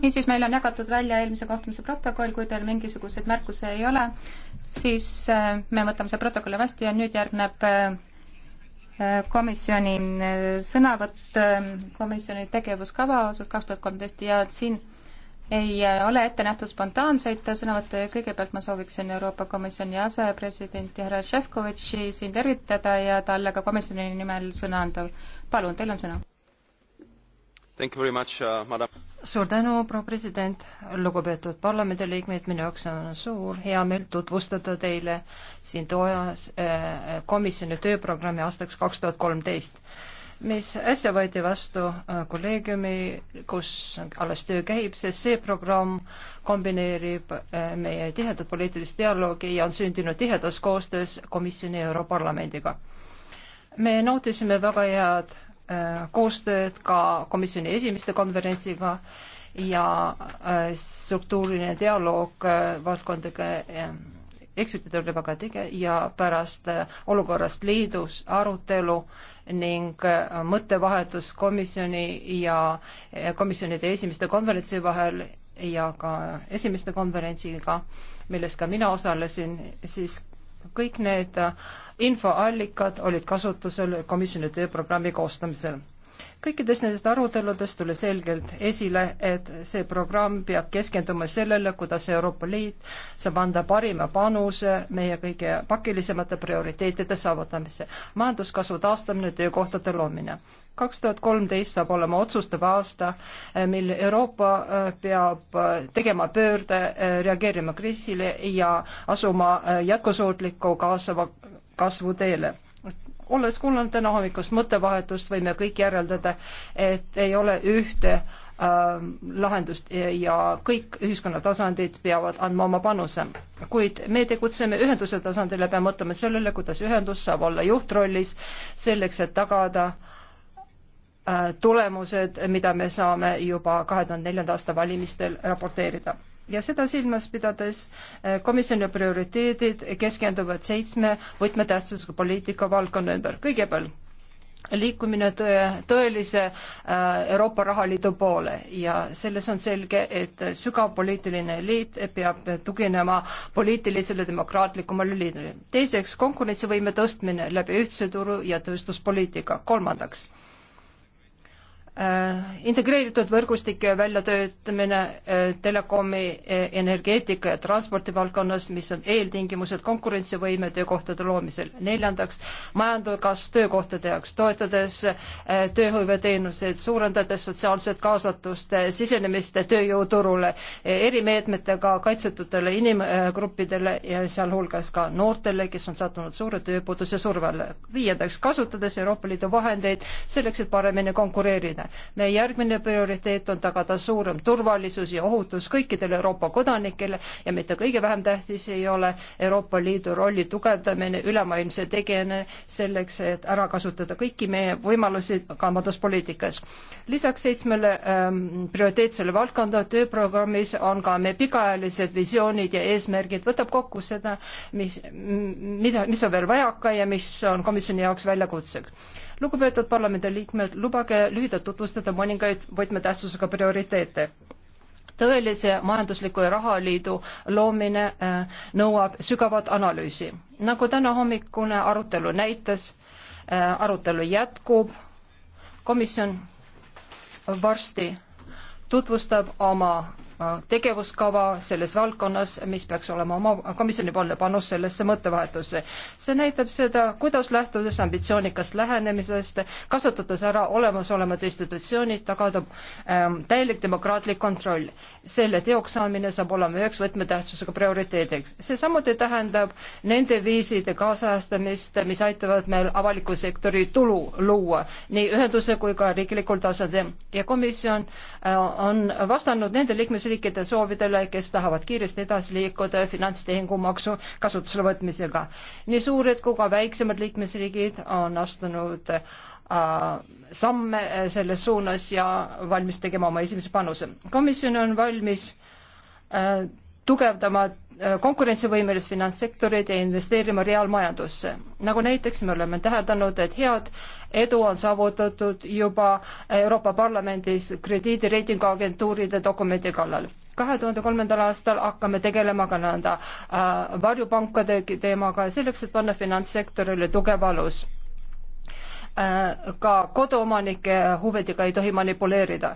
niisiis, meil on jagatud välja eelmise kohtumise protokoll, kui teil mingisuguseid märkusi ei ole, siis äh, me võtame selle protokolli vastu ja nüüd järgneb äh, äh, komisjoni sõnavõtt komisjoni tegevuskava osas kaks tuhat kolmteist ja siin ei ole ette nähtud spontaanseid sõnavõtte, kõigepealt ma sooviksin Euroopa Komisjoni asepresidenti härra Šefkovitši siin tervitada ja talle ka komisjoni nimel sõna anda. palun, teil on sõna Much, uh, suur tänu, proua president, lugupeetud parlamendiliikmed, minu jaoks on suur heameel tutvustada teile siin toas eh, äh, komisjoni tööprogrammi aastaks kaks tuhat kolmteist, mis äsja võeti vastu äh, kolleegiumi, kus alles töö käib, sest see programm kombineerib eh, meie tihedat poliitilist dialoogi ja on sündinud tihedas koostöös komisjoni ja Europarlamendiga. me nautisime väga head Äh, koostööd ka komisjoni esimeste konverentsiga ja äh, struktuuriline dialoog äh, valdkondadega ekspertid olid väga tege- ja pärast olukorrast liidus arutelu ning mõttevahetus komisjoni ja komisjonide esimeste konverentsi vahel ja ka esimeste konverentsiga, milles ka mina osalesin, siis kõik need äh, infoallikad olid kasutusel komisjoni tööprogrammi koostamisel. kõikidest nendest aruteludest tuli selgelt esile, et see programm peab keskenduma sellele, kuidas Euroopa Liit saab anda parima panuse meie kõige pakilisemate prioriteetide saavutamisse. majanduskasvu taastamine, töökohtade loomine kaks tuhat kolmteist saab olema otsustav aasta, eh, mil Euroopa eh, peab eh, tegema pöörde, reageerima kriisile ja asuma jätkusuutliku kaasava kasvu teele olles kuulanud täna hommikust mõttevahetust, võime kõik järeldada, et ei ole ühte äh, lahendust ja kõik ühiskonna tasandid peavad andma oma panuse. kuid me tegutseme ühenduse tasandil ja peame mõtlema sellele, kuidas ühendus saab olla juhtrollis selleks, et tagada äh, Äh, tulemused, mida me saame juba kahe tuhande neljanda aasta valimistel raporteerida. ja seda silmas pidades äh, komisjoni prioriteedid keskenduvad seitsme võtmetähtsusega poliitika valdkonna ümber. kõigepealt liikumine tõe, tõelise äh, Euroopa rahaliidu poole ja selles on selge, et sügav poliitiline liit peab tuginema poliitilisele demokraatlikumale liidule. teiseks, konkurentsivõime tõstmine läbi ühtse turu ja tööstuspoliitika. kolmandaks Äh, integreeritud võrgustike väljatöötamine äh, telekomi, äh, energeetika ja transpordi valdkonnas, mis on eeltingimused konkurentsivõime töökohtade loomisel. neljandaks, majanduskasv töökohtade jaoks, toetades tööhõiveteenuseid, suurendades sotsiaalset kaasatust, sisenemist tööjõuturule, erimeetmetega kaitsetutele inimgruppidele ja sealhulgas ka noortele, kes on sattunud suure tööpuuduse surve alla. viiendaks, kasutades Euroopa Liidu vahendeid selleks, et paremini konkureerida oluline. meie järgmine prioriteet on tagada suurem turvalisus ja ohutus kõikidele Euroopa kodanikele ja mitte kõige vähem tähtis ei ole Euroopa Liidu rolli tugevdamine ülemaailmse tegijana selleks, et ära kasutada kõiki meie võimalusi kaubanduspoliitikas. lisaks seitsmele ähm, prioriteetsele valdkonda tööprogrammis on ka meie pikaajalised visioonid ja eesmärgid, võtab kokku seda, mis, mida, mis on veel vajaka ja mis on komisjoni jaoks väljakutseks lugupeetud parlamendiliikmed, lubage lühidalt tutvustada mõningaid võtmetähtsusega prioriteete tõelise majandusliku ja rahaliidu loomine äh, nõuab sügavat analüüsi. nagu tänahommikune arutelu näitas äh,, arutelu jätkub, komisjon varsti tutvustab oma tegevuskava selles valdkonnas, mis peaks olema oma komisjonipoolne panus sellesse mõttevahetusse. see näitab seda, kuidas lähtudes ambitsioonikast lähenemisest, kasutades ära olemasolevad institutsioonid, tagada ähm, täielik demokraatlik kontroll. selle teoks saamine saab olema üheks võtmetähtsusega prioriteediks. see samuti tähendab nende viiside kaasajastamist, mis aitavad meil avaliku sektori tulu luua nii ühenduse kui ka riiklikul tasandil ja komisjon äh, on vastanud nende liikmesriikide liikmesriikide soovidele, kes tahavad kiiresti edasi liikuda finantstehingumaksu kasutusele võtmisega. nii suured kui ka väiksemad liikmesriigid on astunud äh, samme äh, selles suunas ja valmis tegema oma esimese panuse. komisjon on valmis äh, tugevdama Äh, konkurentsivõimelist finantssektorit ja investeerima reaalmajandusse. nagu näiteks me oleme täheldanud, et head edu on saavutatud juba Euroopa Parlamendis krediidireitinguagentuuride dokumendi kallal kahe tuhande kolmandal aastal hakkame tegelema ka nõnda äh, varjupankade teemaga selleks, et panna finantssektorile tugev alus äh,. ka koduomanike huvidega ei tohi manipuleerida,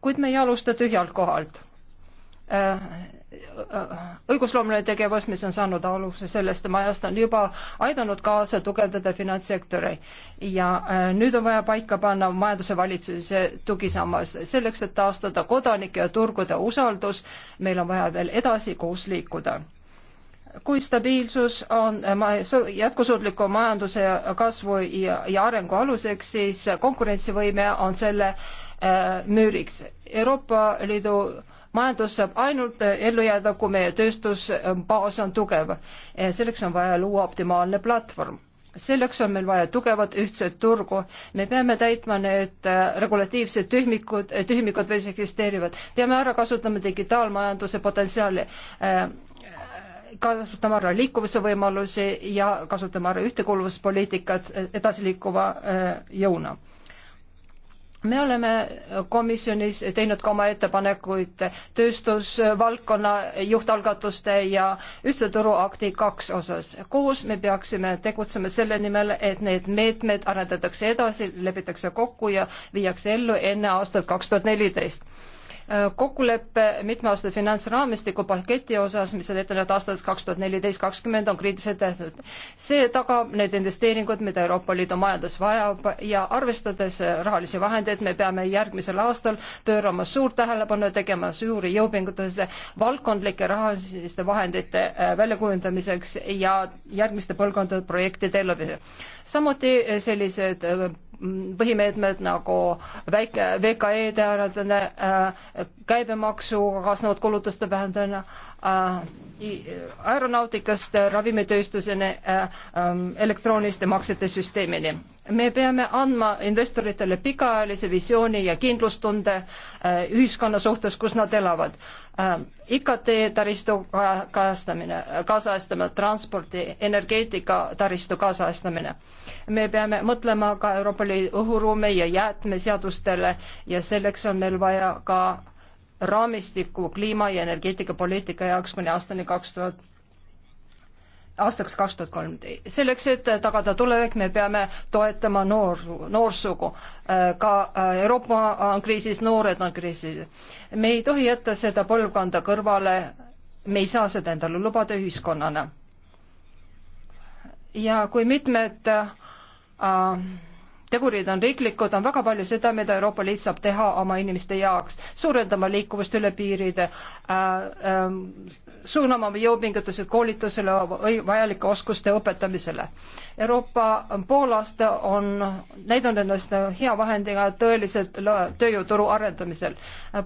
kuid me ei alusta tühjalt kohalt äh, õigusloomeline tegevus, mis on saanud aluse sellest majast, on juba aidanud kaasa tugevdada finantssektori ja äh, nüüd on vaja paika panna majanduse valitsuse tugisammas. selleks, et taastada kodanike ja turgude usaldus, meil on vaja veel edasi koos liikuda kui stabiilsus on äh, jätkusuutliku majanduse kasvu ja, ja arengu aluseks, siis konkurentsivõime on selle äh, müüriks. Euroopa Liidu äh, majandus saab ainult äh, ellu jääda, kui meie tööstusbaas on tugev. Äh, selleks on vaja luua optimaalne platvorm selleks on meil vaja tugevat ühtset turgu. me peame täitma need äh, regulatiivsed tühmikud, tühmikud, mis eksisteerivad. peame ära kasutama digitaalmajanduse potentsiaali, kasutama ära liikuvuse võimalusi ja kasutama ära ühtekuuluvuspoliitikat edasiliikuva jõuna me oleme komisjonis teinud ka oma ettepanekuid tööstusvaldkonna juhtalgatuste ja ühtse turu akti kaks osas. koos me peaksime tegutsema selle nimel, et need meetmed arendatakse edasi, lepitakse kokku ja viiakse ellu enne aastat kaks tuhat neliteist kokkulepe mitmeaastase finantsraamistiku paketi osas, mis on ette nähtud aastast kaks tuhat neliteist, kakskümmend, on kriitiliselt tähtsad. see tagab need investeeringud, mida Euroopa Liidu majandus vajab ja arvestades rahalisi vahendeid, me peame järgmisel aastal pöörama suurt tähelepanu, tegema suuri jõupingutusi valdkondlike rahaliste vahendite äh, väljakujundamiseks ja järgmiste põlvkondade projektide elluviimiseks. samuti sellised äh, põhimeetmed nagu väike, VKE-de arendamine äh,, käibemaksuga kaasnevad kulutuste vähendamine äh,, aeronautikast ravimitööstuseni äh,, ähm, elektrooniliste maksete süsteemini me peame andma investoritele pikaajalise visiooni ja kindlustunde äh, ühiskonna suhtes, kus nad elavad. Äh, IKT taristu kaastamine, kaasajastamine, transpordi, energeetika taristu kaasajastamine. me peame mõtlema ka Euroopa Liidu õhuruumi ja jäätmeseadustele ja selleks on meil vaja ka raamistikku kliima- ja energeetikapoliitika jaoks kuni aastani kaks tuhat aastaks kaks tuhat kolmteist. selleks, et tagada tulevik, me peame toetama noor, noorsugu. Äh, ka äh, Euroopa on kriisis, noored on kriisis. me ei tohi jätta seda põlvkonda kõrvale, me ei saa seda endale lubada ühiskonnana. ja kui mitmed äh, tegurid on riiklikud, on väga palju seda, mida Euroopa Liit saab teha oma inimeste jaoks, suurendama liikuvust üle piiride äh,, äh, suunama oma jõupingutused koolitusele, vajalike oskuste õpetamisele. Euroopa poolaasta on näidanud ennast hea vahendiga tõeliselt tööjõuturu arendamisel.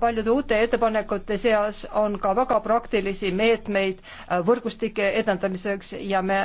paljude uute ettepanekute seas on ka väga praktilisi meetmeid äh, võrgustike edendamiseks ja me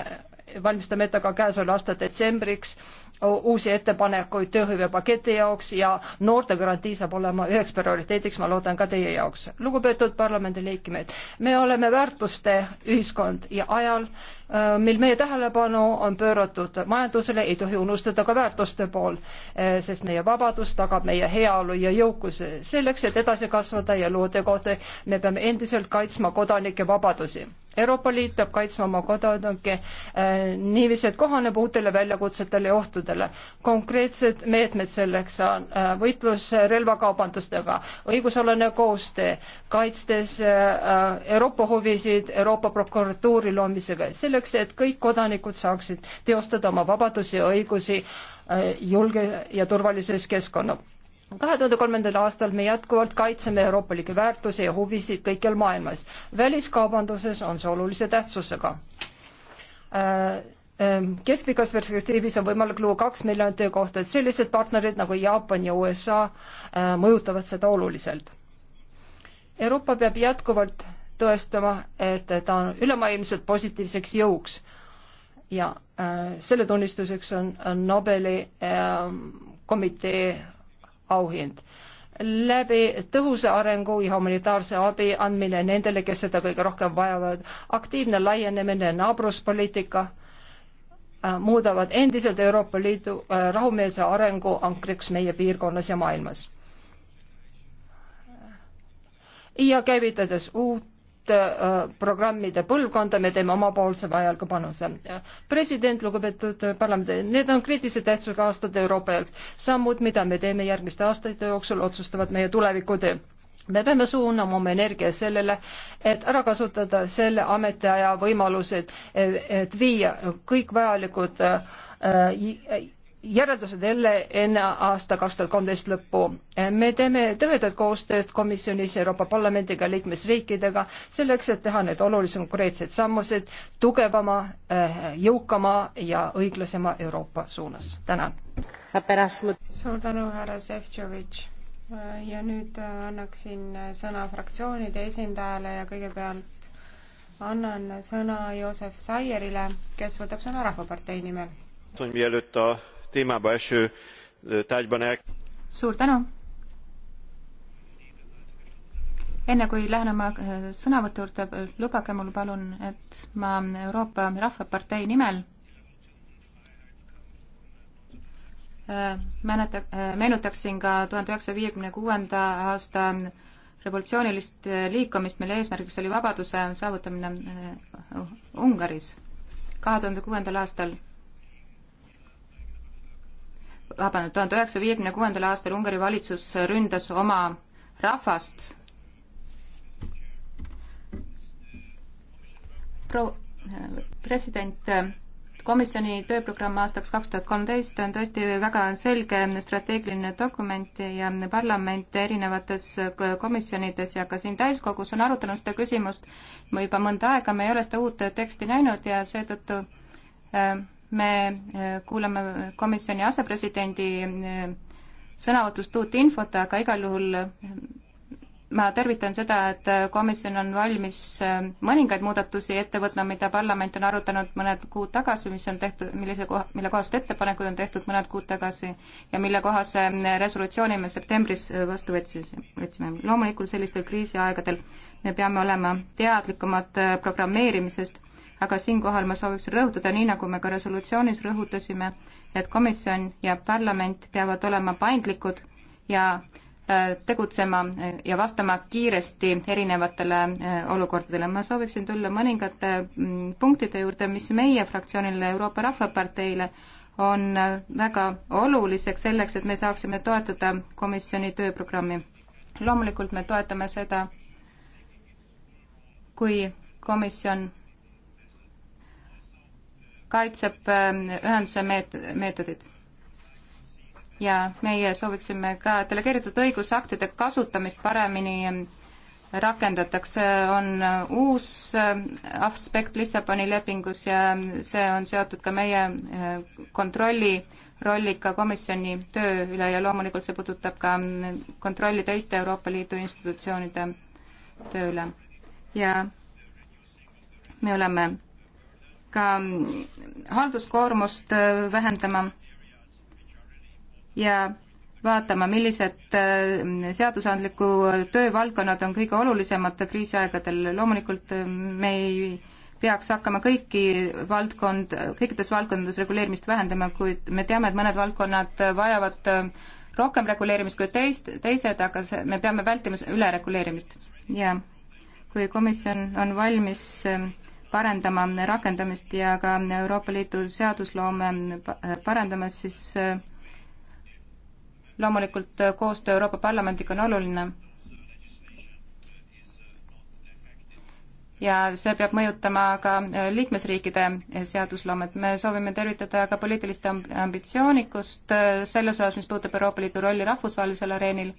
valmistame ette ka käesoleva aasta detsembriks äh, uusi ettepanekuid tööhõivepaketi jaoks ja noortegarantii saab olema üheks prioriteediks, ma loodan ka teie jaoks. lugupeetud parlamendiliikmed, me oleme väärtuste ühiskond ja ajal, Äh, mil meie tähelepanu on pööratud majandusele, ei tohi unustada ka väärtuste pool, äh, sest meie vabadus tagab meie heaolu ja jõukuse. selleks, et edasi kasvada ja luua tegude, me peame endiselt kaitsma kodanike vabadusi. Euroopa Liit peab kaitsma oma kodanike äh, niiviisi, et kohaneb uutele väljakutsetele ja ohtudele. konkreetsed meetmed selleks on äh, võitlus relvakaubandustega, õigusalane koostöö, kaitstes äh, äh Euroopa huvisid Euroopa prokuratuuri loomisega. selle selleks, et kõik kodanikud saaksid teostada oma vabadusi ja õigusi äh, julge ja turvalises keskkonnas kahe tuhande kolmandal aastal me jätkuvalt kaitseme euroopalikke väärtusi ja huvisid kõikjal maailmas. väliskaubanduses on see olulise tähtsusega. Äh, ähm, keskpikas perspektiivis on võimalik luua kaks miljonit töökohta, et sellised partnerid nagu Jaapan ja USA äh, mõjutavad seda oluliselt. Euroopa peab jätkuvalt tõestama, et ta on ülemaailmselt positiivseks jõuks. ja äh, selle tunnistuseks on, on Nobeli äh, komitee auhind. läbi tõhusa arengu ja humanitaarse abi andmine nendele, kes seda kõige rohkem vajavad, aktiivne laienemine, naabruspoliitika äh,, muudavad endiselt Euroopa Liidu äh, rahumeelse arengu ankriks meie piirkonnas ja maailmas ja käivitades uut uut äh, programmide põlvkonda, me teeme omapoolse vajaliku panuse. president, lugupeetud äh, parlamendi, need on kriitilise tähtsusega aastad Euroopa jaoks. sammud, mida me teeme järgmiste aastate jooksul, otsustavad meie tulevikutöö me peame suunama oma energia sellele, et ära kasutada selle ametiaja võimalused, et viia kõik vajalikud äh, äh järeldused jälle enne aasta kaks tuhat kolmteist lõppu. me teeme tõvedat koostööd komisjonis Euroopa Parlamendiga, liikmesriikidega, selleks, et teha need olulised konkreetsed sammused tugevama, äh, jõukama ja õiglasema Euroopa suunas. tänan. suur tänu, härra Šefčovitš. ja nüüd äh, annaksin äh, sõna fraktsioonide esindajale ja kõigepealt annan sõna Joosep Saierile, kes võtab sõna Rahvapartei nimel. mielüta témába eső tárgyban el... suur tänu! enne kui lähen oma sõnavõtu juurde, lubage mul palun, et ma Euroopa Rahvapartei nimel mäleta-, meenutaksin ka tuhande üheksasaja viiekümne kuuenda aasta revolutsioonilist liikumist, mille eesmärgiks oli vabaduse saavutamine Ungaris kahe tuhande kuuendal aastal vabandust, tuhande üheksasaja viiekümne kuuendal aastal Ungari valitsus ründas oma rahvast. pro-, president, komisjoni tööprogramm aastaks kaks tuhat kolmteist on tõesti väga selge strateegiline dokument ja parlament erinevates komisjonides ja ka siin täiskogus on arutanud seda küsimust juba mõnda aega, me ei ole seda uut teksti näinud ja seetõttu äh, me eh, kuulame komisjoni asepresidendi eh, sõnavõtust uut infot, aga igal juhul eh, ma tervitan seda, et komisjon on valmis mõningaid muudatusi ette võtma, mida parlament on arutanud mõned kuud tagasi, mis on tehtud, millise koha, mille kohased ettepanekud on tehtud mõned kuud tagasi ja mille kohase resolutsiooni me septembris vastu võtsime. loomulikult sellistel kriisiaegadel me peame olema teadlikumad programmeerimisest aga siinkohal ma sooviksin rõhutada, nii nagu me ka resolutsioonis rõhutasime, et komisjon ja parlament peavad olema paindlikud ja äh, tegutsema äh, ja vastama kiiresti erinevatele äh, olukordadele. ma sooviksin tulla mõningate mm, punktide juurde, mis meie fraktsioonile, Euroopa Rahvaparteile on väga oluliseks selleks, et me saaksime toetada komisjoni tööprogrammi. loomulikult me toetame seda, kui komisjon kaitseb ähm, ühenduse meet-, meetodid. ja meie sooviksime ka delegeeritud õigusaktide kasutamist paremini ähm, rakendatakse, on äh, uus ähm, aspekt Lissaboni lepingus ja see on seotud ka meie äh, kontrolli rolliga komisjoni töö üle ja loomulikult see puudutab ka kontrolli teiste Euroopa Liidu institutsioonide töö üle. ja me oleme ka halduskoormust äh, vähendama ja vaatama, millised äh, seadusandliku töövaldkonnad on kõige olulisemad kriisiaegadel. loomulikult äh, me ei peaks hakkama kõiki valdkond, kõikides valdkondades reguleerimist vähendama, kuid me teame, et mõned valdkonnad vajavad rohkem reguleerimist kui teist, teised, aga see, me peame vältima ülereguleerimist ja kui komisjon on valmis parendama rakendamist ja ka Euroopa Liidu seadusloome parendamas, siis äh, loomulikult äh, koostöö Euroopa Parlamendiga on oluline. ja see peab mõjutama ka äh, liikmesriikide seadusloomet. me soovime tervitada ka poliitilist ambitsioonikust selles osas, mis puudutab Euroopa Liidu rolli rahvusvahelisel areenil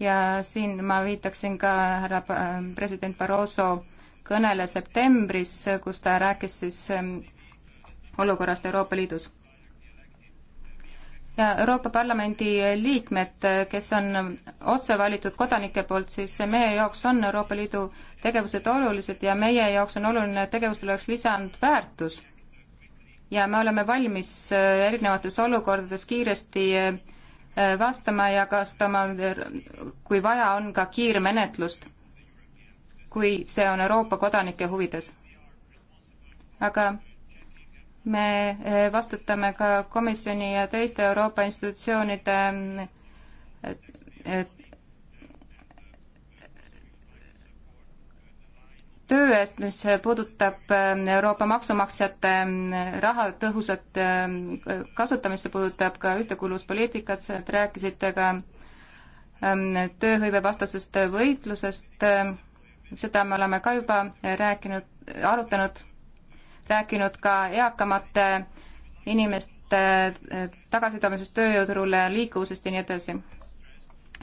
ja siin ma viitaksin ka härra president Barroso kõnele septembris, kus ta rääkis siis ähm, olukorrast Euroopa Liidus. ja Euroopa Parlamendi liikmed, kes on otse valitud kodanike poolt, siis meie jaoks on Euroopa Liidu tegevused olulised ja meie jaoks on oluline, et tegevustel oleks lisandväärtus. ja me oleme valmis äh, erinevates olukordades kiiresti äh, vastama ja kasutama, kui vaja on, ka kiirmenetlust kui see on Euroopa kodanike huvides. aga me eh, vastutame ka komisjoni ja teiste Euroopa institutsioonide eh, töö eest, mis puudutab eh, Euroopa maksumaksjate raha tõhusat kasutamist, see puudutab ka ühtekuuluvuspoliitikat, sa rääkisite ka tööhõivevastasest võitlusest seda me oleme ka juba rääkinud, arutanud, rääkinud ka eakamate inimeste eh, tagasitoomisest tööjõuturule, liikuvusest ja nii edasi.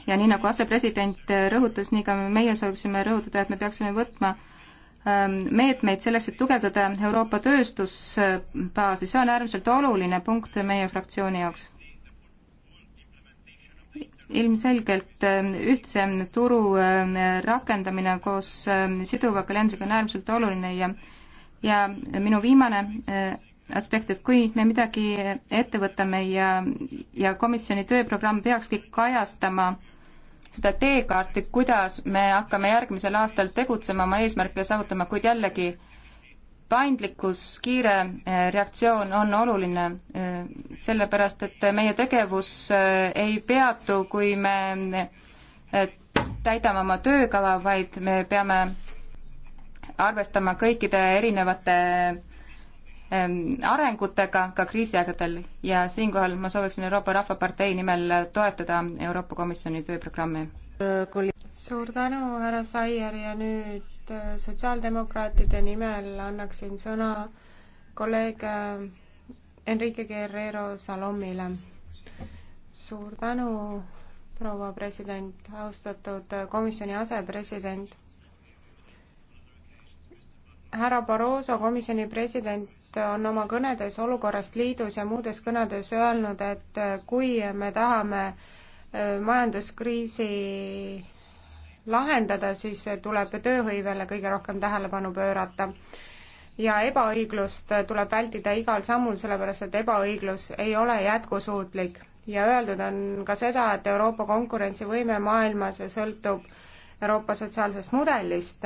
ja nii, nagu asepresident rõhutas, nii ka meie sooviksime rõhutada, et me peaksime võtma ehm, meetmeid selleks, et tugevdada Euroopa tööstusbaasi, see on äärmiselt oluline punkt meie fraktsiooni jaoks ilmselgelt äh, ühtse ähm, turu ähm, rakendamine koos ähm, siduva kalendriga on äärmiselt oluline ja ja minu viimane äh, aspekt, et kui me midagi ette võtame ja, ja komisjoni tööprogramm peakski kajastama seda teekaarti, kuidas me hakkame järgmisel aastal tegutsema, oma eesmärke saavutama, kuid jällegi äh, paindlikkus, kiire eh, reaktsioon on oluline, eh, sellepärast et meie tegevus eh, ei peatu, kui me täidame oma töökava, vaid me peame arvestama kõikide erinevate arengutega ka kriisiaegadel ja siinkohal ma sooviksin Euroopa Rahvapartei nimel toetada Euroopa Komisjoni tööprogrammi suur tänu, härra Saier ja nüüd äh, sotsiaaldemokraatide nimel annaksin sõna kolleeg äh, Enrique Guerrero Salomile. suur tänu, proua president, austatud äh, komisjoni asepresident. härra Barroso, komisjoni president, on oma kõnedes olukorrast liidus ja muudes kõnedes öelnud, et kui me tahame majanduskriisi lahendada, siis tuleb tööhõivele kõige rohkem tähelepanu pöörata. ja ebaõiglust tuleb vältida igal sammul, sellepärast et ebaõiglus ei ole jätkusuutlik. ja öeldud on ka seda, et Euroopa konkurentsivõime maailmas sõltub Euroopa sotsiaalsest mudelist.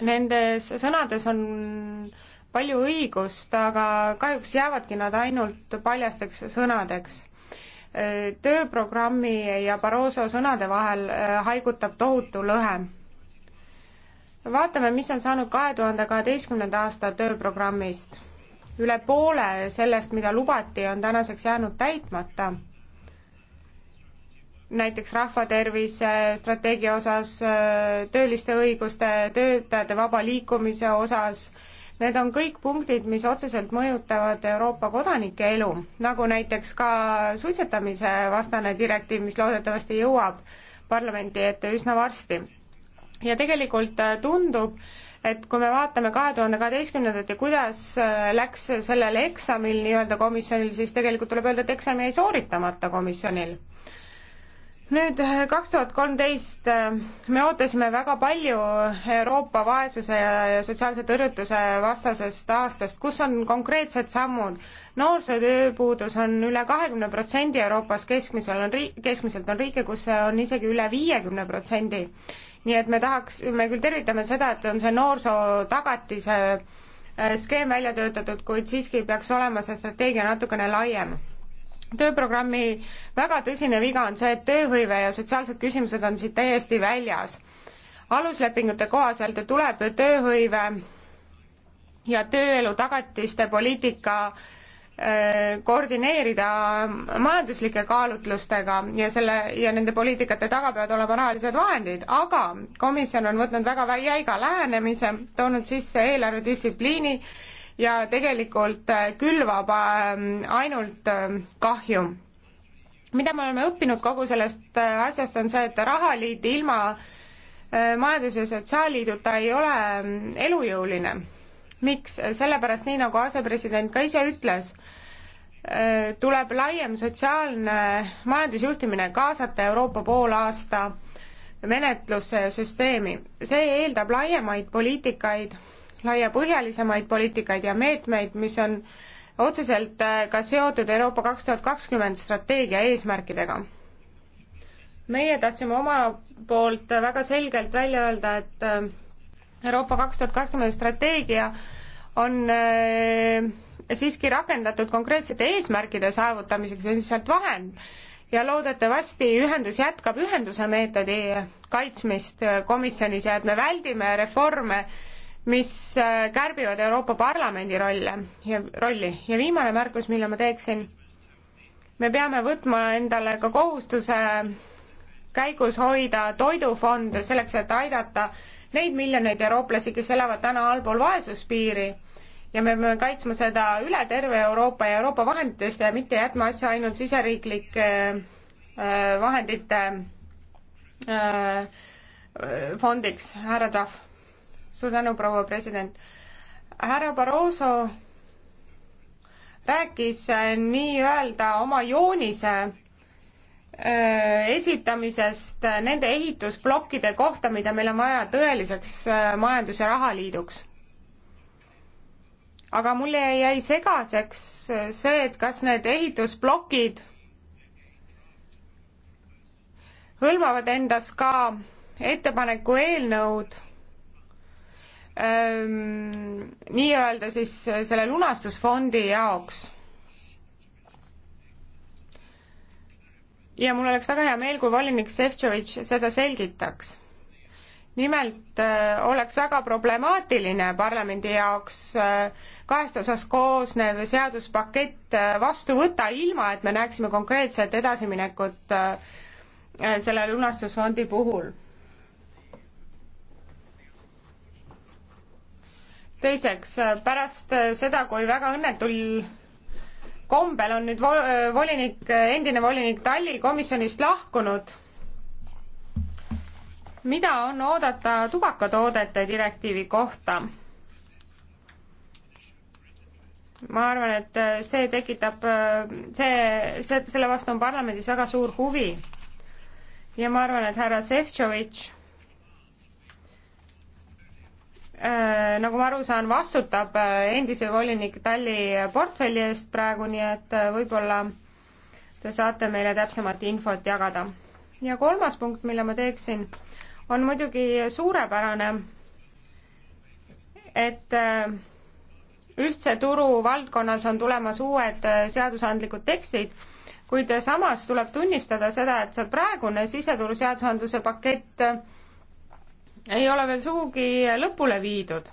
Nendes sõnades on palju õigust, aga kahjuks jäävadki nad ainult paljasteks sõnadeks tööprogrammi ja Barroso sõnade vahel äh, haigutab tohutu lõhe. vaatame, mis on saanud kahe tuhande kaheteistkümnenda aasta tööprogrammist. üle poole sellest, mida lubati, on tänaseks jäänud täitmata. näiteks rahvatervise strateegia osas, äh, tööliste õiguste, töötajate vaba liikumise osas Need on kõik punktid, mis otseselt mõjutavad Euroopa kodanike elu, nagu näiteks ka suitsetamise vastane direktiiv, mis loodetavasti jõuab parlamendi ette üsna varsti. ja tegelikult äh, tundub, et kui me vaatame kahe tuhande kaheteistkümnendat ja kuidas äh, läks sellel eksamil nii-öelda komisjonil, siis tegelikult tuleb öelda, et eksam jäi sooritamata komisjonil nüüd eh, kaks tuhat kolmteist eh, me ootasime väga palju Euroopa vaesuse ja sotsiaalse tõrjutuse vastasest aastast, kus on konkreetsed sammud. noorsootööpuudus on üle kahekümne protsendi Euroopas, keskmisel on riik, keskmiselt on riike, kus see on isegi üle viiekümne protsendi. nii et me tahaks, me küll tervitame seda, et on see noorsootagatise eh, skeem välja töötatud, kuid siiski peaks olema see strateegia natukene laiem tööprogrammi väga tõsine viga on see, et tööhõive ja sotsiaalsed küsimused on siit täiesti väljas. aluslepingute kohaselt tuleb tööhõive ja tööelu tagatiste poliitika koordineerida majanduslike kaalutlustega ja selle ja nende poliitikate taga peavad olema rahalised vahendid, aga komisjon on võtnud väga jäiga lähenemise, toonud sisse eelarvedistsipliini ja tegelikult äh, külvab ähm, ainult ähm, kahju mida me oleme õppinud kogu sellest äh, asjast, on see, et rahaliit ilma äh, majandus- ja sotsiaalliiduta ei ole ähm, elujõuline. miks? sellepärast, nii nagu asepresident ka ise ütles, tuleb laiem sotsiaalne majandusjuhtimine kaasata Euroopa poolaasta menetlusse ja süsteemi. see eeldab laiemaid poliitikaid laiapõhjalisemaid poliitikaid ja meetmeid, mis on otseselt äh, ka seotud Euroopa kaks tuhat kakskümmend strateegia eesmärkidega. meie tahtsime oma poolt väga selgelt välja öelda, et äh, Euroopa kaks tuhat kakskümmend strateegia on äh, siiski rakendatud konkreetsete eesmärkide saavutamiseks, see on lihtsalt vahend ja loodetavasti ühendus jätkab ühenduse meetodi kaitsmist komisjonis ja et me väldime reforme, mis äh, kärbivad Euroopa Parlamendi rolle ja rolli ja viimane märkus, mille ma teeksin, me peame võtma endale ka kohustuse käigus hoida toidufonde selleks, et aidata neid miljoneid eurooplasi, kes elavad täna allpool vaesuspiiri ja me peame kaitsma seda üle terve Euroopa ja Euroopa vahenditest ja mitte jätma asja ainult siseriiklike äh, vahendite äh, fondiks, härra Tahv suur tänu, proua president. härra Barroso rääkis äh, nii-öelda oma joonise äh, esitamisest äh, nende ehitusplokkide kohta, mida meil on vaja tõeliseks majandus- ja rahaliiduks. aga mulle jäi segaseks see, et kas need ehitusplokid hõlmavad endas ka ettepaneku eelnõud ähm, nii-öelda siis äh, selle lunastusfondi jaoks. ja mul oleks väga hea meel, kui volinik Šefčovitš seda selgitaks. nimelt äh, oleks väga problemaatiline parlamendi jaoks äh, kahest osast koosnev seaduspakett äh, vastu võtta, ilma et me näeksime konkreetset edasiminekut äh, äh selle lunastusfondi puhul teiseks, äh, pärast äh, seda, kui väga õnnetul kombel on nüüd äh, volinik, endine volinik Talli komisjonist lahkunud, mida on oodata tubakatoodete direktiivi kohta? ma arvan, et see tekitab, see, see, selle vastu on parlamendis väga suur huvi. ja ma arvan, et härra Šefčovitš Äh, nagu ma aru saan, vastutab äh, endise volinik Talli portfelli eest praegu, nii et äh, võib-olla te saate meile täpsemat infot jagada. ja kolmas punkt, mille ma teeksin, on muidugi suurepärane, et ühtse turu valdkonnas on tulemas uued seadusandlikud tekstid, kuid samas tuleb tunnistada seda, et see praegune siseturu seadusandluse pakett ei ole veel sugugi lõpule viidud.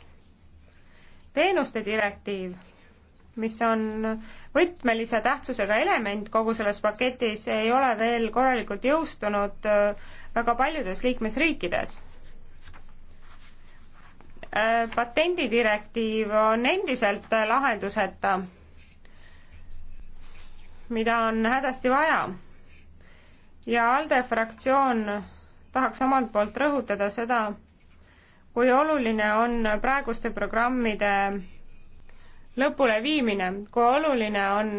teenuste direktiiv, mis on võtmelise tähtsusega element kogu selles paketis, ei ole veel korralikult jõustunud äh, väga paljudes liikmesriikides. Äh, patendidirektiiv on endiselt lahenduseta, mida on hädasti vaja ja ALDE fraktsioon tahaks omalt poolt rõhutada seda, kui oluline on praeguste programmide lõpuleviimine, kui oluline on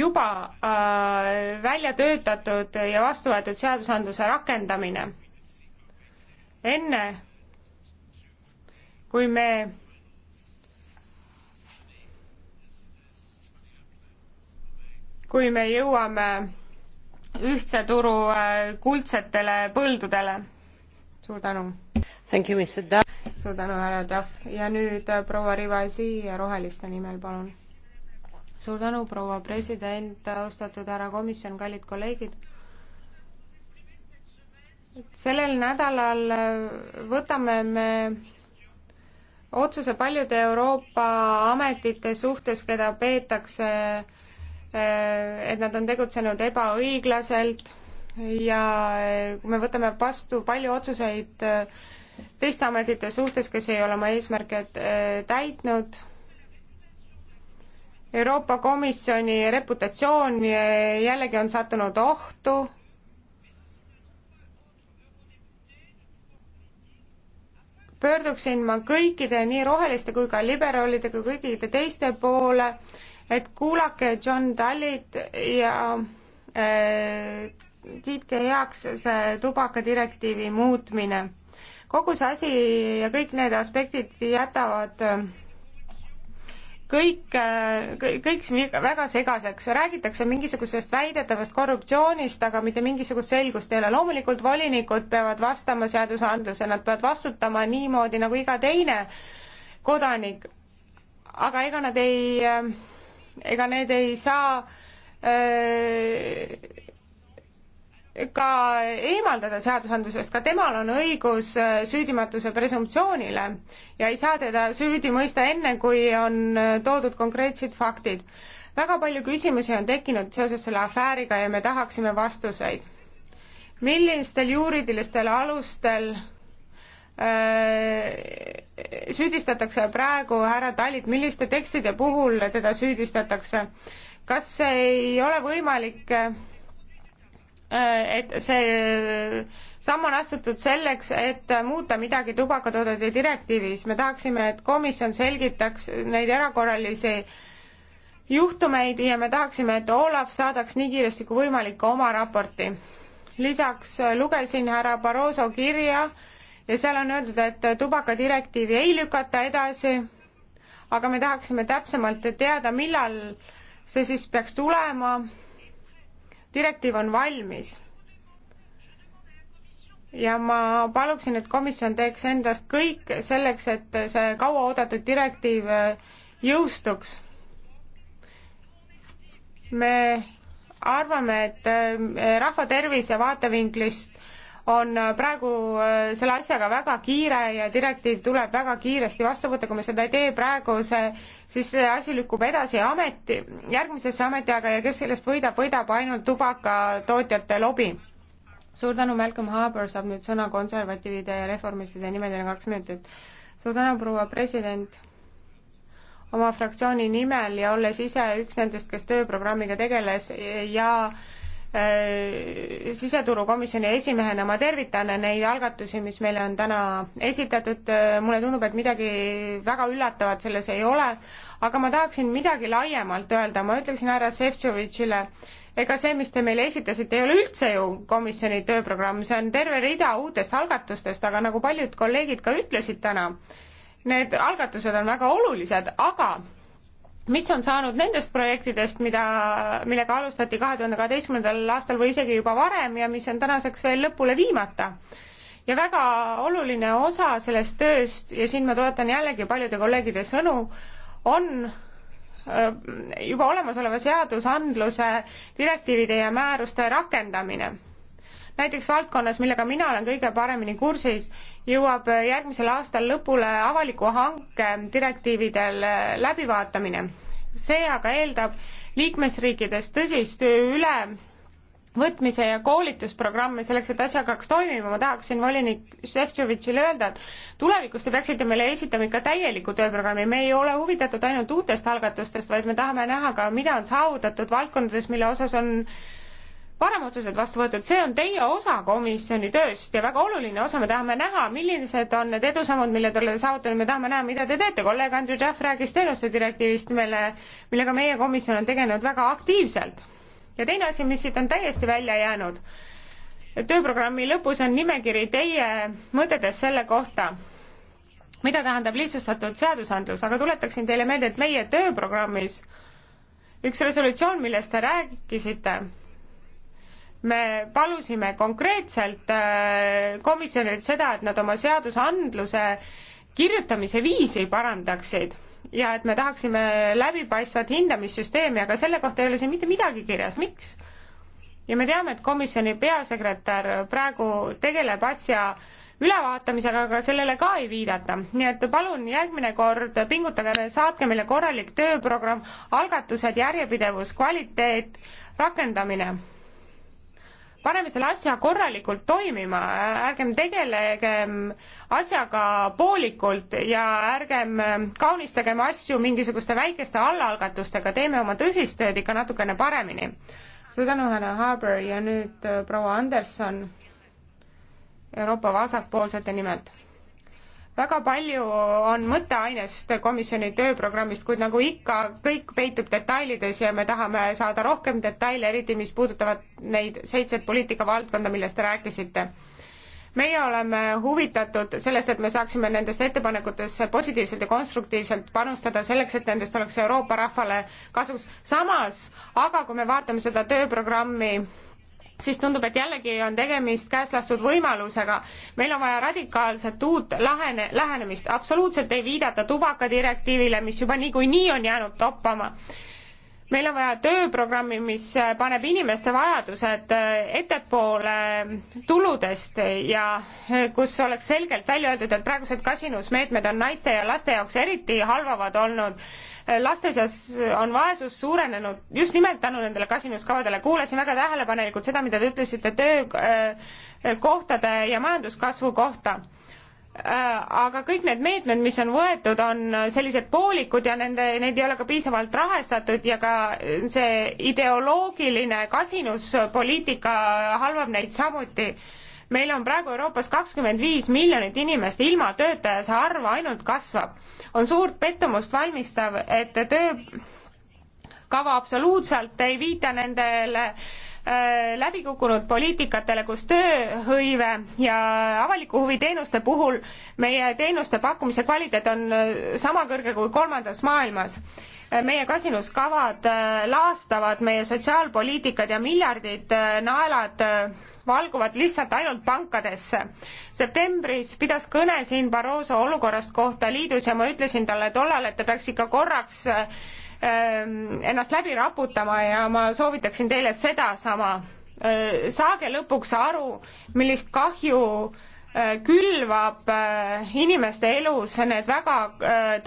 juba äh, välja töötatud ja vastu võetud seadusandluse rakendamine. enne kui me kui me jõuame ühtse turu äh, kuldsetele põldudele. suur tänu! suur tänu, härra Duff ja nüüd äh, proua Rivasi Roheliste nimel, palun. suur tänu, proua president, austatud härra komisjon, kallid kolleegid. sellel nädalal äh, võtame me otsuse paljude Euroopa ametite suhtes, keda peetakse et nad on tegutsenud ebaõiglaselt ja eh, kui me võtame vastu palju otsuseid eh, teiste ametite suhtes, kes ei ole oma eesmärke eh, täitnud, Euroopa Komisjoni reputatsioon jällegi on sattunud ohtu pöörduksin ma kõikide, nii roheliste kui ka liberaalide kui kõikide teiste poole, et kuulake John Tallit ja äh, kiitke heaks see tubakadirektiivi muutmine. kogu see asi ja kõik need aspektid jätavad äh, kõik, äh, kõik väga segaseks, räägitakse mingisugusest väidetavast korruptsioonist, aga mitte mingisugust selgust ei ole. loomulikult volinikud peavad vastama seadusandluse, nad peavad vastutama niimoodi nagu iga teine kodanik, aga ega nad ei äh, ega need ei saa öö, äh, ka eemaldada seadusandlusest, ka temal on õigus äh, süüdimatuse presumptsioonile ja ei saa teda süüdi mõista enne, kui on äh, toodud konkreetsed faktid. väga palju küsimusi on tekkinud seoses selle afääriga ja me tahaksime vastuseid. millistel juriidilistel alustel Äh, süüdistatakse praegu härra Talit, milliste tekstide puhul teda süüdistatakse? kas ei ole võimalik, äh, et see äh, samm on astutud selleks, et muuta midagi tubakatoodete direktiivis, me tahaksime, et komisjon selgitaks neid erakorralisi juhtumeid ja me tahaksime, et Olav saadaks nii kiiresti kui võimalik oma raporti. lisaks lugesin härra Barroso kirja, ja seal on öeldud, et tubakadirektiivi ei lükata edasi, aga me tahaksime täpsemalt teada, millal see siis peaks tulema. direktiiv on valmis. ja ma paluksin, et komisjon teeks endast kõik selleks, et see kauaoodatud direktiiv jõustuks. me arvame, et eh, rahva tervise vaatevinklist on äh, praegu äh, selle asjaga väga kiire ja direktiiv tuleb väga kiiresti vastu võtta, kui me seda ei tee praegu, see, siis see asi lükkub edasi ameti, järgmisesse ametiaega ja kes sellest võidab, võidab ainult tubakatootjate lobi. suur tänu, Malcolm Harbour saab nüüd sõna konservatiivide ja reformistide nimel, teil on kaks minutit. suur tänu, proua president oma fraktsiooni nimel ja olles ise üks nendest, kes tööprogrammiga tegeles ja äh, Äh, siseturukomisjoni esimehena ma tervitan neid algatusi, mis meile on täna esitatud, äh, mulle tundub, et midagi väga üllatavat selles ei ole, aga ma tahaksin midagi laiemalt öelda, ma ütleksin härra Šefčovitšile, ega see, mis te meile esitasite, ei ole üldse ju komisjoni tööprogramm, see on terve rida uutest algatustest, aga nagu paljud kolleegid ka ütlesid täna, need algatused on väga olulised, aga mis on saanud nendest projektidest, mida, millega alustati kahe tuhande kaheteistkümnendal aastal või isegi juba varem ja mis on tänaseks veel lõpule viimata? ja väga oluline osa sellest tööst ja siin ma toetan jällegi paljude kolleegide sõnu, on juba olemasoleva seadusandluse, direktiivide ja määruste rakendamine näiteks valdkonnas, millega mina olen kõige paremini kursis, jõuab järgmisel aastal lõpule avaliku hanke direktiividel läbivaatamine. see aga eeldab liikmesriikides tõsist üle võtmise ja koolitusprogramme selleks, et asi hakkaks toimima, ma tahaksin volinik Šefčovitšile öelda, et tulevikus te peaksite meile esitama ikka täieliku tööprogrammi, me ei ole huvitatud ainult uutest algatustest, vaid me tahame näha ka, mida on saavutatud valdkondades, mille osas on äh, varem otsused vastu võetud, see on teie osa komisjoni tööst ja väga oluline osa, me tahame näha, millised on need edusammud, mille te olete saavutanud, me tahame näha, mida te teete, kolleeg Andrew Duff rääkis teenuste direktiivist, mille, millega meie komisjon on tegelenud väga aktiivselt. ja teine asi, mis siit on täiesti välja jäänud, tööprogrammi lõpus on nimekiri teie mõtetest selle kohta, mida tähendab lihtsustatud seadusandlus, aga tuletaksin teile meelde, et meie tööprogrammis üks resolutsioon, millest te rääkisite, me palusime konkreetselt äh, komisjonilt seda, et nad oma seadusandluse kirjutamise viisi parandaksid ja et me tahaksime läbipaistvat hindamissüsteemi, aga selle kohta ei ole siin mitte midagi kirjas, miks? ja me teame, et komisjoni peasekretär praegu tegeleb asja ülevaatamisega, aga sellele ka ei viidata. nii et palun järgmine kord pingutage, saatke meile korralik tööprogramm, algatused, järjepidevus, kvaliteet, rakendamine paneme selle asja korralikult toimima, ärgem tegelegem asjaga poolikult ja ärgem kaunistagem asju mingisuguste väikeste allaalgatustega, teeme oma tõsist tööd ikka natukene paremini. suur tänu, härra Harber ja nüüd äh, proua Anderson Euroopa vasakpoolsete nimelt väga palju on mõtteainest komisjoni tööprogrammist, kuid nagu ikka, kõik peitub detailides ja me tahame saada rohkem detaile, eriti mis puudutavad neid seitset poliitikavaldkonda, millest te rääkisite. meie oleme huvitatud sellest, et me saaksime nendesse ettepanekutesse positiivselt ja konstruktiivselt panustada selleks, et nendest oleks Euroopa rahvale kasuks. samas, aga kui me vaatame seda tööprogrammi siis tundub, et jällegi on tegemist käest lastud võimalusega. meil on vaja radikaalset uut lähene, lähenemist, absoluutselt ei viidata tubakadirektiivile, mis juba niikuinii on jäänud toppama meil on vaja tööprogrammi, mis paneb inimeste vajadused äh, ettepoole tuludest ja äh, kus oleks selgelt välja öeldud, et praegused kasinusmeetmed on naiste ja laste jaoks eriti halvavad olnud laste seas on vaesus suurenenud just nimelt tänu nendele kasinuskavadele. kuulasin väga tähelepanelikult seda, mida te ütlesite töökohtade äh, ja majanduskasvu kohta äh, aga kõik need meetmed, mis on võetud, on sellised poolikud ja nende, neid ei ole ka piisavalt rahastatud ja ka see ideoloogiline kasinuspoliitika halvab neid samuti meil on praegu Euroopas kakskümmend viis miljonit inimest ilma tööta ja see arv ainult kasvab. on suurt pettumust valmistav, et töö kava absoluutselt ei viita nendele äh, Äh, läbikukkunud poliitikatele, kus tööhõive ja avaliku huvi teenuste puhul meie teenuste pakkumise kvaliteet on äh, sama kõrge kui kolmandas maailmas. Äh, meie kasinuskavad laastavad meie sotsiaalpoliitikad ja miljardid naelad valguvad lihtsalt ainult pankadesse. septembris pidas kõne siin Barroso olukorrast kohta liidus ja ma ütlesin talle tollal, et ta peaks ikka korraks Ähm, ennast läbi raputama ja ma soovitaksin teile sedasama. Äh, saage lõpuks aru, millist kahju äh, külvab äh, inimeste elus need väga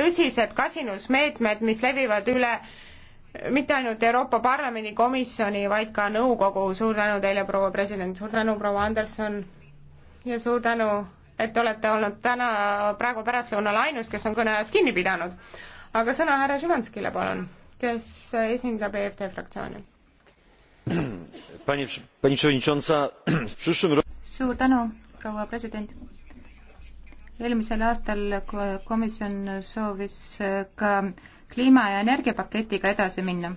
tõsised kasinusmeetmed, mis levivad üle mitte ainult Euroopa Parlamendi komisjoni, vaid ka nõukogu. suur tänu teile, proua president, suur tänu, proua Anderson ja suur tänu, et olete olnud täna, praegu pärastlõunal ainus, kes on kõne ajast kinni pidanud aga sõna härra Šimanskile, palun, kes esindab EFT fraktsiooni. suur tänu, proua president. eelmisel aastal komisjon soovis äh, ka kliima- ja energiapaketiga edasi minna.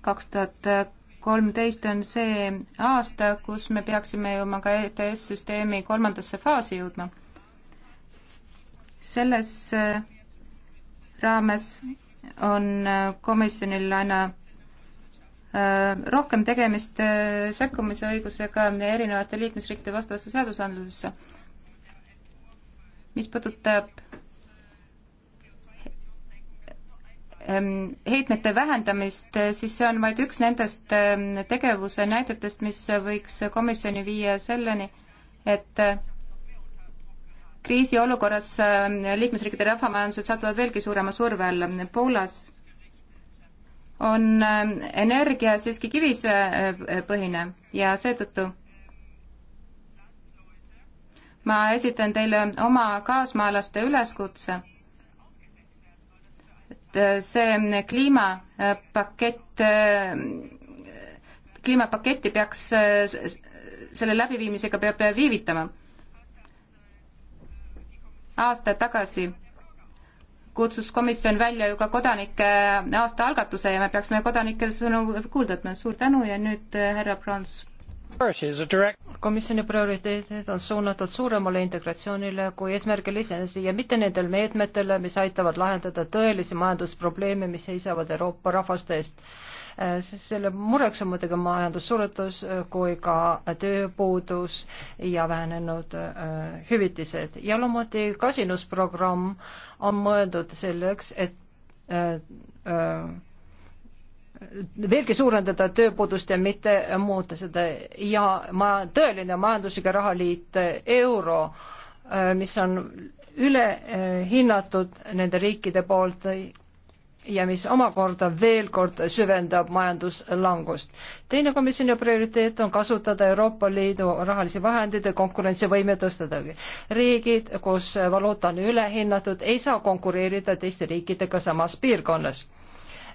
kaks tuhat kolmteist on see aasta, kus me peaksime jõudma ka ETS-süsteemi kolmandasse faasi jõudma. selles äh, raames on äh, komisjonil aina äh, rohkem tegemist äh, sekkumise õigusega erinevate liikmesriikide vastavasse seadusandlusesse. mis puudutab ähm, heitmete vähendamist, siis see on vaid üks nendest ähm, tegevuse näidetest, mis võiks komisjoni viia selleni, et kriisiolukorras äh, liikmesriikide rahvamajandused satuvad veelgi suurema surve alla. Poolas on äh, energia siiski kivisöepõhine äh, ja seetõttu ma esitan teile oma kaasmaalaste üleskutse, et see kliimapakett, kliimapaketti peaks selle läbiviimisega peab viivitama aasta tagasi kutsus komisjon välja ju ka kodanike aastaalgatuse ja me peaksime kodanike sõnu kuulda võtma. suur tänu ja nüüd eh, härra Prants komisjoni prioriteedid on suunatud suuremale integratsioonile kui eesmärgil iseenesest ja mitte nendele meetmetele, mis aitavad lahendada tõelisi majandusprobleeme, mis seisavad Euroopa rahvaste eest. Äh, selle mureks on muidugi majandussuretus äh, kui ka tööpuudus ja vähenenud äh, hüvitised ja loomulikult kasinusprogramm on mõeldud selleks, et veelgi suurendada tööpuudust ja mitte muuta seda ja ma, tõeline majanduslik ja rahaliit euro, mis on ülehinnatud eh, nende riikide poolt ja mis omakorda veel kord süvendab majanduslangust. teine komisjoni prioriteet on kasutada Euroopa Liidu rahalisi vahendeid ja konkurentsivõime tõstada. riigid, kus valuuta on ülehinnatud, ei saa konkureerida teiste riikidega samas piirkonnas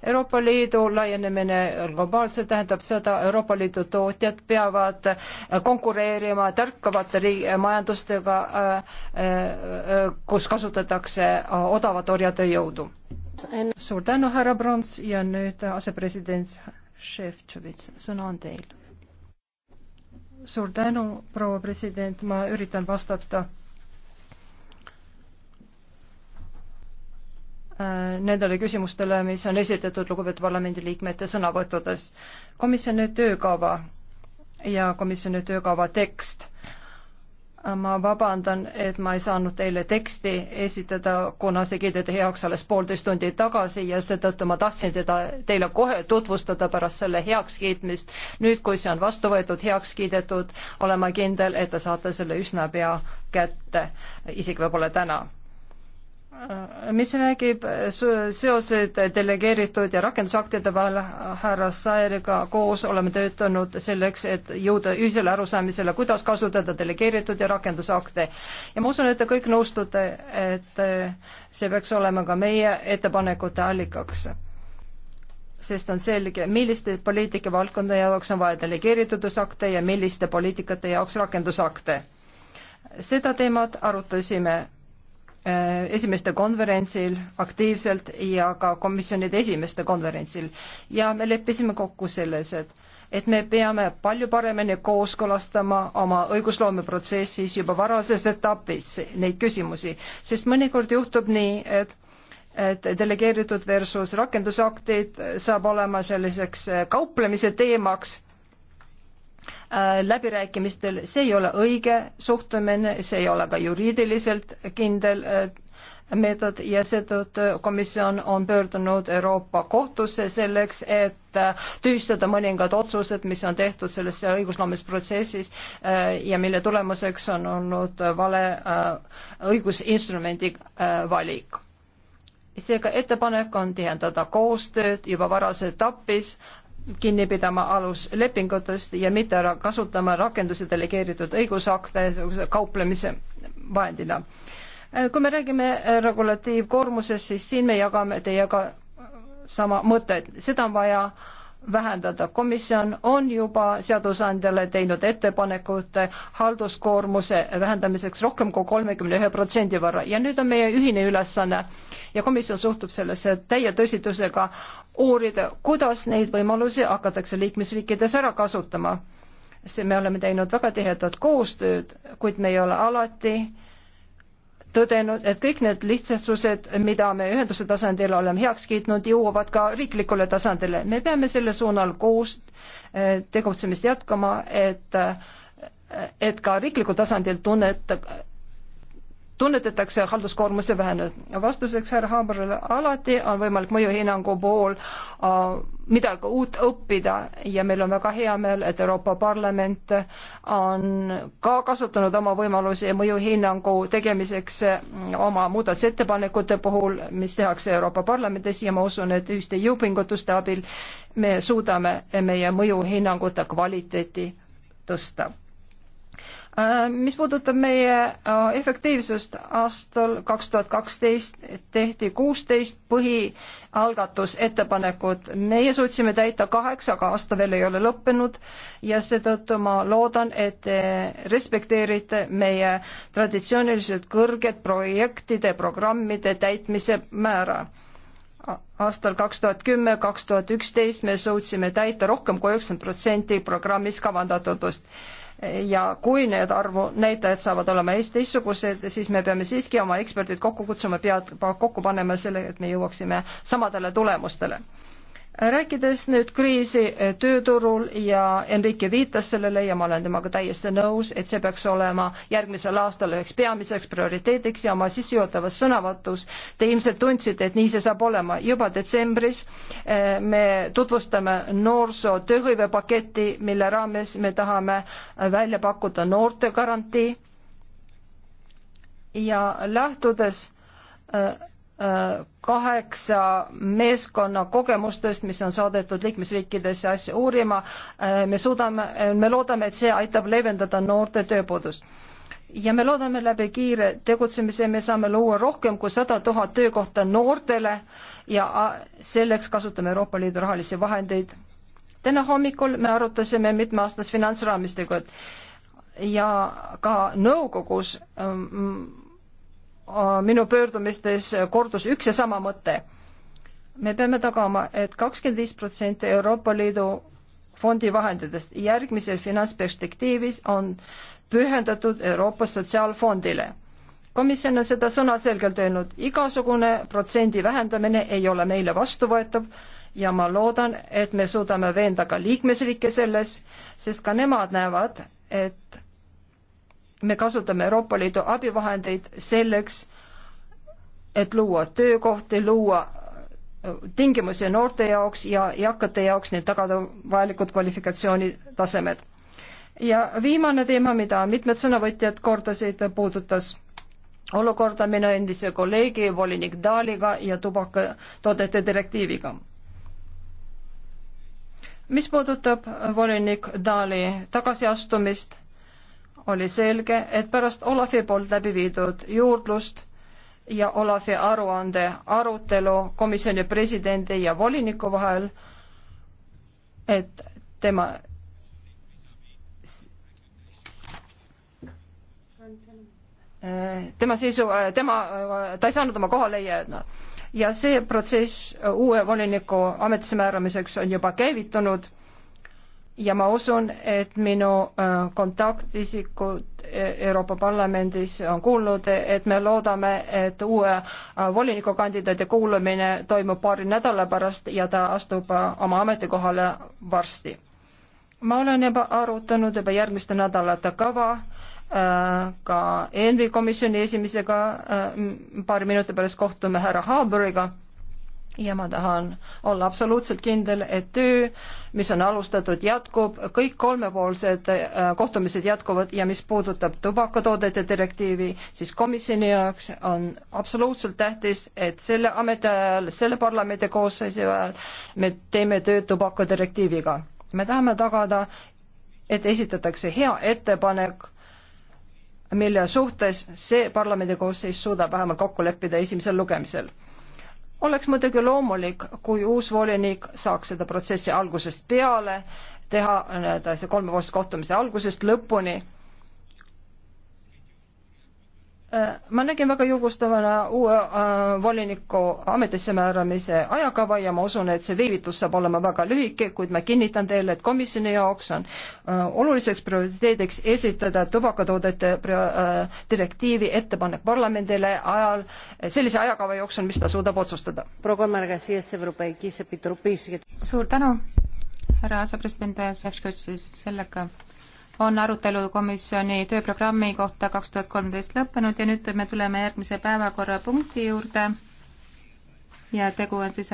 Euroopa Liidu laienemine globaalselt tähendab seda, Euroopa Liidu tootjad peavad äh, konkureerima tärkavate majandustega, äh, äh, kus kasutatakse odavat orjatööjõudu. suur tänu, härra Brons ja nüüd asepresident Šefčovitš, sõna on teil. suur tänu, proua president, ma üritan vastata Äh, nendele küsimustele, mis on esitatud lugupeetud parlamendiliikmete sõnavõttudes. komisjoni töökava ja komisjoni töökava tekst. Äh, ma vabandan, et ma ei saanud teile teksti esitada, kuna see kiideti heaks alles poolteist tundi tagasi ja seetõttu ma tahtsin teda teile kohe tutvustada pärast selle heakskiitmist. nüüd, kui see on vastu võetud, heaks kiidetud, olen ma kindel, et te saate selle üsna pea kätte, isegi võib-olla täna mis räägib seoseid delegeeritud ja rakendusaktide vahel, härra Saeriga koos oleme töötanud selleks, et jõuda ühisele arusaamisele, kuidas kasutada delegeeritud ja rakendusakte. ja ma usun, et te kõik nõustute, et see peaks olema ka meie ettepanekute allikaks. sest on selge, milliste poliitikavaldkonna jaoks on vaja delegeeritud akte ja milliste poliitikate jaoks rakendusakte. seda teemat arutasime Äh, esimeste konverentsil aktiivselt ja ka komisjonide esimeste konverentsil ja me leppisime kokku selles, et et me peame palju paremini kooskõlastama oma õigusloomeprotsessis juba varases etapis neid küsimusi, sest mõnikord juhtub nii, et et delegeeritud versus rakendusaktid saab olema selliseks kauplemise teemaks Äh, läbirääkimistel, see ei ole õige suhtumine, see ei ole ka juriidiliselt kindel äh, meetod ja seetõttu komisjon on pöördunud Euroopa kohtusse selleks, et äh, tühistada mõningad otsused, mis on tehtud selles õigusloomisprotsessis ja mille tulemuseks on olnud vale õigusinstrumendi valik seega ettepanek on tihendada koostööd juba varase etapis kinni pidama aluslepingutest ja mitte ära kasutama rakenduse delegeeritud õigusakte kauplemise vahendina. Äh, kui me räägime äh, regulatiivkoormusest, siis siin me jagame teiega sama mõtet, seda on vaja äh, vähendada. komisjon on juba seadusandjale teinud ettepanekud halduskoormuse vähendamiseks rohkem kui kolmekümne ühe protsendi võrra ja nüüd on meie ühine ülesanne ja komisjon suhtub sellesse täie tõsidusega uurida, kuidas neid võimalusi hakatakse liikmesriikides ära kasutama. see, me oleme teinud väga tihedat koostööd, kuid me ei ole alati äh, tõdenud, et kõik need lihtsustused, mida me ühenduse tasandil oleme heaks kiitnud, jõuavad ka riiklikule tasandile. me peame selle suunal koos eh, tegutsemist jätkama, et eh, et ka riiklikul tasandil tunnet tunnetatakse halduskoormuse vähenemine. vastuseks härra Haabrile, alati on võimalik mõjuhinnangu pool äh, midagi uut õppida ja meil on väga hea meel, et Euroopa Parlament on ka kasutanud oma võimalusi mõjuhinnangu tegemiseks äh, oma muudatusettepanekute puhul, mis tehakse Euroopa Parlamendis ja ma usun, et ühiste jõupingutuste abil me suudame meie mõjuhinnangute kvaliteeti tõsta Äh, mis puudutab meie äh, efektiivsust, aastal kaks tuhat kaksteist tehti kuusteist põhialgatusettepanekut. meie suutsime täita kaheksa, aga aasta veel ei ole lõppenud ja seetõttu ma loodan, et te respekteerite meie traditsiooniliselt kõrget projektide, programmide täitmise määra aastal kaks tuhat kümme, kaks tuhat üksteist me suutsime täita rohkem kui üheksakümmend protsenti programmis kavandatutust ja kui need arvu näitajad saavad olema teistsugused, siis me peame siiski oma eksperdid kokku kutsuma, pead kokku panema selle, et me jõuaksime samadele tulemustele rääkides nüüd kriisi eh, tööturul ja Enrique viitas sellele ja ma olen temaga täiesti nõus, et see peaks olema järgmisel aastal üheks peamiseks prioriteediks ja oma sissejuhatavas sõnavõtus te ilmselt tundsite, et nii see saab olema. juba detsembris eh, me tutvustame noorsoo tööhõivepaketti, mille raames me tahame eh, välja pakkuda noorte garantii ja lähtudes kaheksa meeskonna kogemustest, mis on saadetud liikmesriikidesse asja uurima. me suudame, me loodame, et see aitab leevendada noorte tööpuudust. ja me loodame läbi kiire tegutsemise, me saame luua rohkem kui sada tuhat töökohta noortele ja selleks kasutame Euroopa Liidu rahalisi vahendeid. täna hommikul me arutasime mitmeaastast finantsraamistikut ja ka nõukogus ähm, Äh, minu pöördumistes kordus üks ja sama mõte. me peame tagama et, et kakskümmend viis protsenti Euroopa Liidu fondi vahenditest järgmisel finantsperspektiivis on pühendatud Euroopa Sotsiaalfondile. komisjon on seda sõnaselgelt öelnud, igasugune protsendi vähendamine ei ole meile vastuvõetav ja ma loodan, et me suudame veenda ka liikmesriike selles, sest ka nemad näevad, et me kasutame Euroopa Liidu abivahendeid selleks, et luua töökohti, luua äh, tingimusi noorte jaoks ja eakate jaoks, nii et tagada vajalikud kvalifikatsioonitasemed. ja viimane teema, mida mitmed sõnavõtjad kordasid, puudutas olukorda minu endise kolleegi volinik Daliga ja tubakatoodete direktiiviga. mis puudutab volinik Dali tagasiastumist oli selge, et pärast Olafi poolt läbi viidud juurdlust ja Olafi aruande arutelu komisjoni presidendi ja voliniku vahel, et tema tema sisu, tema, ta ei saanud oma kohale jääda. ja see protsess uue voliniku ametisse määramiseks on juba käivitunud ja ma usun, et minu äh, kontaktisikud äh, Euroopa Parlamendis on kuulnud, et me loodame, et uue äh, volinikukandidaadi kuulamine toimub paari nädala pärast ja ta astub oma ametikohale varsti. ma olen juba arutanud juba järgmiste nädalate kava ka ENVI komisjoni esimesega, paari minuti pärast kohtume härra Haaberiga ja ma tahan olla absoluutselt kindel, et töö, mis on alustatud, jätkub, kõik kolmepoolsed äh, kohtumised jätkuvad ja mis puudutab tubakatoodete direktiivi, siis komisjoni jaoks on absoluutselt tähtis, et selle ametiajal, selle parlamendi koosseisu ajal me teeme tööd tubakadirektiiviga. me tahame tagada, et esitatakse hea ettepanek, mille suhtes see parlamendi koosseis suudab vähemalt kokku leppida esimesel lugemisel oleks muidugi loomulik, kui uus volinik saaks seda protsessi algusest peale teha nii-öelda see kolmepoolse kohtumise algusest lõpuni Äh, ma nägin väga julgustavana uue äh, voliniku ametisse määramise ajakava ja ma usun, et see viivitus saab olema väga lühike, kuid ma kinnitan teile, et komisjoni jaoks on äh, oluliseks prioriteediks esitada tubakatoodete äh, direktiivi ettepanek parlamendile ajal, sellise ajakava jooksul, mis ta suudab otsustada. suur tänu, härra asepresident Šefčovitš, sellega on arutelu komisjoni tööprogrammi kohta kaks tuhat kolmteist lõppenud ja nüüd me tuleme järgmise päevakorrapunkti juurde ja tegu on siis